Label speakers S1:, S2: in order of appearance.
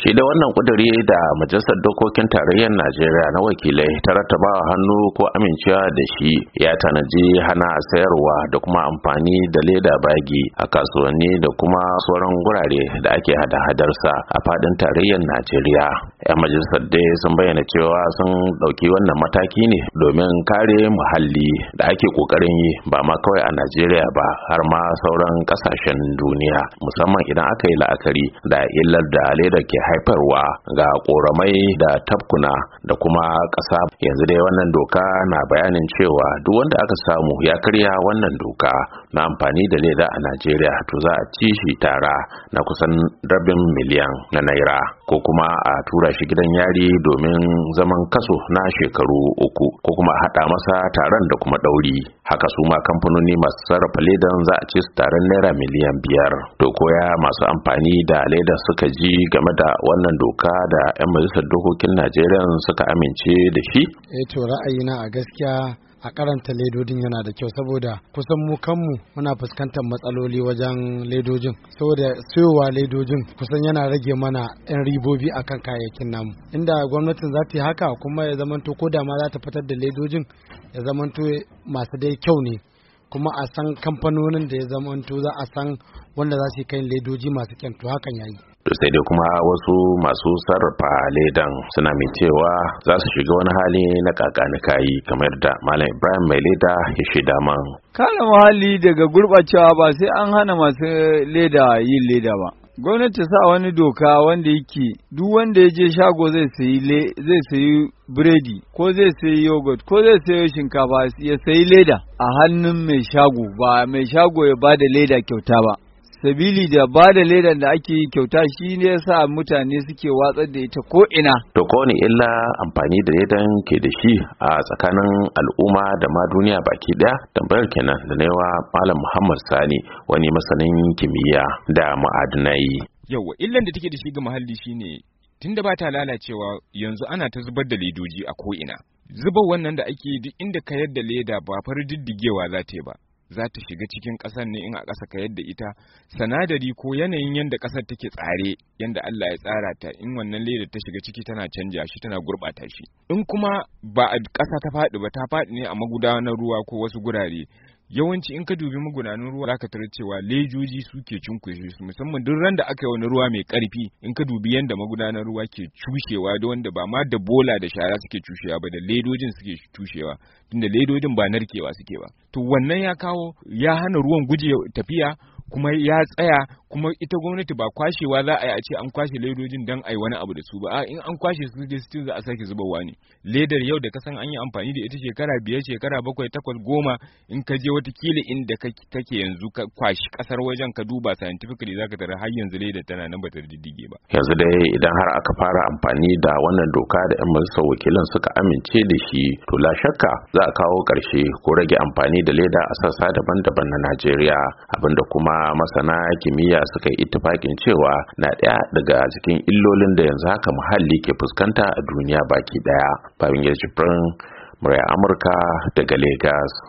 S1: shi da wannan kuduri da majalisar dokokin tarayyar najeriya na wakilai ta wa hannu ko amincewa da shi ya tanaji hana sayarwa da kuma amfani da leda bagi a kasuwanni da kuma sauran gurare da ake hada hadarsa a fadin tarayyar najeriya yan majalisar dai sun bayyana cewa sun dauki wannan mataki ne domin kare muhalli da ake kokarin yi ba ma kawai a najeriya ba har ma sauran kasashen duniya musamman idan aka yi la'akari da illar da leda ke haifarwa ga koramai da tafkuna da kuma ƙasa yanzu dai wannan doka na bayanin cewa duk wanda aka samu ya karya wannan doka na amfani da leda a najeriya to za a ci shi tara na kusan rabin miliyan na naira ko kuma a tura shi gidan yari domin zaman kaso na shekaru uku ko kuma a haɗa masa taron da kuma ɗauri haka su ma kamfanoni masu sarrafa ledan za a ci su taron naira miliyan biyar to koya masu amfani da ledan suka ji game da wannan doka da 'yan majalisar dokokin najeriya suka amince da shi
S2: eh to ra'ayina a gaskiya a karanta ledodin yana da kyau saboda kusan mu kanmu muna fuskantar matsaloli wajen ledojin saboda siyowa ledojin kusan yana rage mana yan ribobi akan kayayyakin namu inda gwamnatin za ta yi haka kuma ya zamanto ko da ma za ta fitar da ledojin ya zamanto masu dai kyau ne kuma a san kamfanonin da ya zamanto za a san wanda za su yi kayan ledoji masu kyan to hakan yayi
S1: sai dai kuma wasu masu sarrafa ledan suna mai cewa za su shiga wani hali na kakani kayi kamar da malam ibrahim mai leda ya shaida man
S3: kana muhalli daga gurbacewa ba sai an hana masu leda yin leda ba gwamnati sa wani doka wanda yake duk wanda ya je shago zai sayi zai sayi biredi ko zai sayi yogurt ko zai sayi shinkafa ya sayi leda a hannun mai shago ba mai shago ya bada leda kyauta ba sabili da ba da ledan da ake yi kyauta shi ne ya sa mutane suke watsar da ita ko'ina. ina.
S1: To ko ne illa amfani da ledan ke da shi a tsakanin al'umma da ma duniya baki daya tambayar kenan da naiwa Malam Muhammad Sani wani masanin kimiyya da ma'adinai.
S4: Yawwa illan da take da shi ga muhalli shine tunda ba ta lalacewa yanzu ana ta zubar da ledoji a ko'ina. ina. Zubar wannan da ake duk inda ka yadda leda ba far diddigewa za ta yi ba. za ta shiga cikin ƙasar ne in a ƙasa ka yadda ita sanadari ko yanayin yadda ƙasar take tsare yadda Allah ya tsara ta in wannan leda ta shiga ciki tana canja shi tana gurɓata shi in kuma ba a ƙasa ta faɗi ba ta faɗi ne a magudanar ruwa ko wasu gurare yawanci in ka dubi magudanan ruwa zaka tarar cewa lejoji suke cunkushe su musamman duk ran da aka yi wani ruwa mai karfi in ka dubi yadda magudanan ruwa ke cushewa da wanda ba ma da bola da shara suke cushewa ba da ledojin suke cushewa tunda ledojin ba narkewa suke ba to wannan ya kawo ya hana ruwan guje tafiya kuma ya tsaya kuma ita gwamnati ba kwashewa za a yi a ce an kwashe ledojin don a yi wani abu da su ba in an kwashe su je sitin za a sake zuba wani. ledar yau da kasan an yi amfani da ita shekara biyar shekara bakwai takwas goma in ka je watakila inda ke yanzu ka kwashi kasar wajen ka duba scientifically za ka tara har yanzu ledar tana nan ba ta diddige
S1: ba yanzu dai idan har aka fara amfani da wannan doka da yan majalisa wakilan suka amince da shi to la shakka za a kawo karshe ko rage amfani da leda a sassa daban-daban na Najeriya abinda kuma A masana kimiyya suka yi ittifakin cewa na ɗaya daga cikin illolin da yanzu haka muhalli ke fuskanta a duniya baki ɗaya babin Shifrin Murya amurka daga Legas.